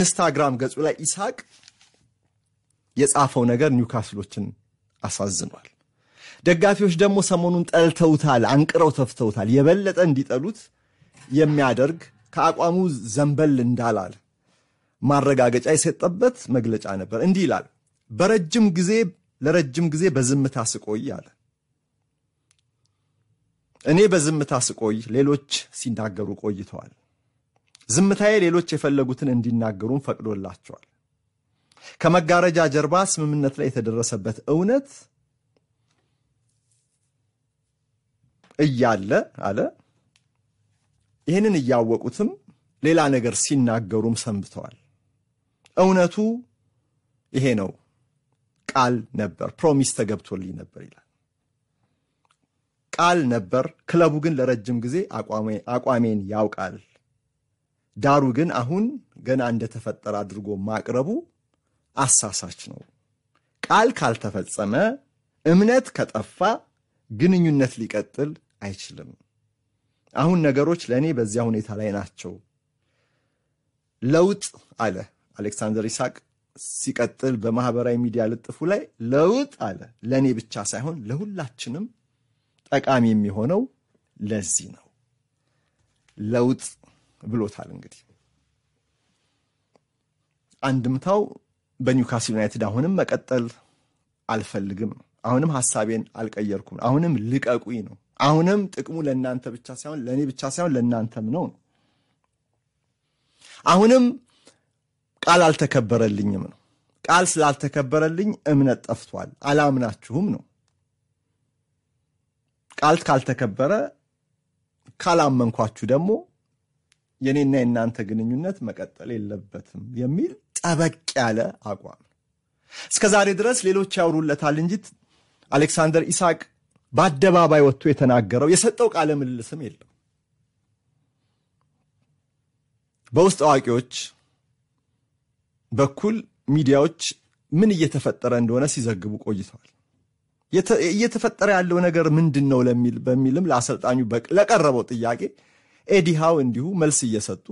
ኢንስታግራም ገጹ ላይ ኢስሐቅ የጻፈው ነገር ኒውካስሎችን አሳዝኗል። ደጋፊዎች ደግሞ ሰሞኑን ጠልተውታል፣ አንቅረው ተፍተውታል። የበለጠ እንዲጠሉት የሚያደርግ ከአቋሙ ዘንበል እንዳላል ማረጋገጫ የሰጠበት መግለጫ ነበር። እንዲህ ይላል። በረጅም ጊዜ ለረጅም ጊዜ በዝምታ ስቆይ አለ። እኔ በዝምታ ስቆይ ሌሎች ሲናገሩ ቆይተዋል። ዝምታዬ ሌሎች የፈለጉትን እንዲናገሩም ፈቅዶላቸዋል። ከመጋረጃ ጀርባ ስምምነት ላይ የተደረሰበት እውነት እያለ አለ ይህንን እያወቁትም ሌላ ነገር ሲናገሩም ሰንብተዋል። እውነቱ ይሄ ነው፣ ቃል ነበር፣ ፕሮሚስ ተገብቶልኝ ነበር ይላል። ቃል ነበር። ክለቡ ግን ለረጅም ጊዜ አቋሜን ያውቃል ዳሩ ግን አሁን ገና እንደተፈጠረ አድርጎ ማቅረቡ አሳሳች ነው። ቃል ካልተፈጸመ፣ እምነት ከጠፋ ግንኙነት ሊቀጥል አይችልም። አሁን ነገሮች ለእኔ በዚያ ሁኔታ ላይ ናቸው። ለውጥ አለ አሌክሳንደር ይስሐቅ ሲቀጥል በማህበራዊ ሚዲያ ልጥፉ ላይ ለውጥ አለ። ለእኔ ብቻ ሳይሆን ለሁላችንም ጠቃሚ የሚሆነው ለዚህ ነው። ለውጥ ብሎታል። እንግዲህ አንድምታው በኒውካስል ዩናይትድ አሁንም መቀጠል አልፈልግም፣ አሁንም ሀሳቤን አልቀየርኩም፣ አሁንም ልቀቁኝ ነው። አሁንም ጥቅሙ ለእናንተ ብቻ ሳይሆን ለእኔ ብቻ ሳይሆን ለእናንተም ነው ነው። አሁንም ቃል አልተከበረልኝም ነው። ቃል ስላልተከበረልኝ እምነት ጠፍቷል፣ አላምናችሁም ነው። ቃል ካልተከበረ ካላመንኳችሁ ደግሞ የኔና የእናንተ ግንኙነት መቀጠል የለበትም የሚል ጠበቅ ያለ አቋም እስከ ዛሬ ድረስ ሌሎች ያውሩለታል እንጂ አሌክሳንደር ኢሳቅ በአደባባይ ወጥቶ የተናገረው የሰጠው ቃለ ምልልስም የለም። በውስጥ አዋቂዎች በኩል ሚዲያዎች ምን እየተፈጠረ እንደሆነ ሲዘግቡ ቆይተዋል። እየተፈጠረ ያለው ነገር ምንድን ነው ለሚል በሚልም ለአሰልጣኙ ለቀረበው ጥያቄ ኤዲሃው እንዲሁ መልስ እየሰጡ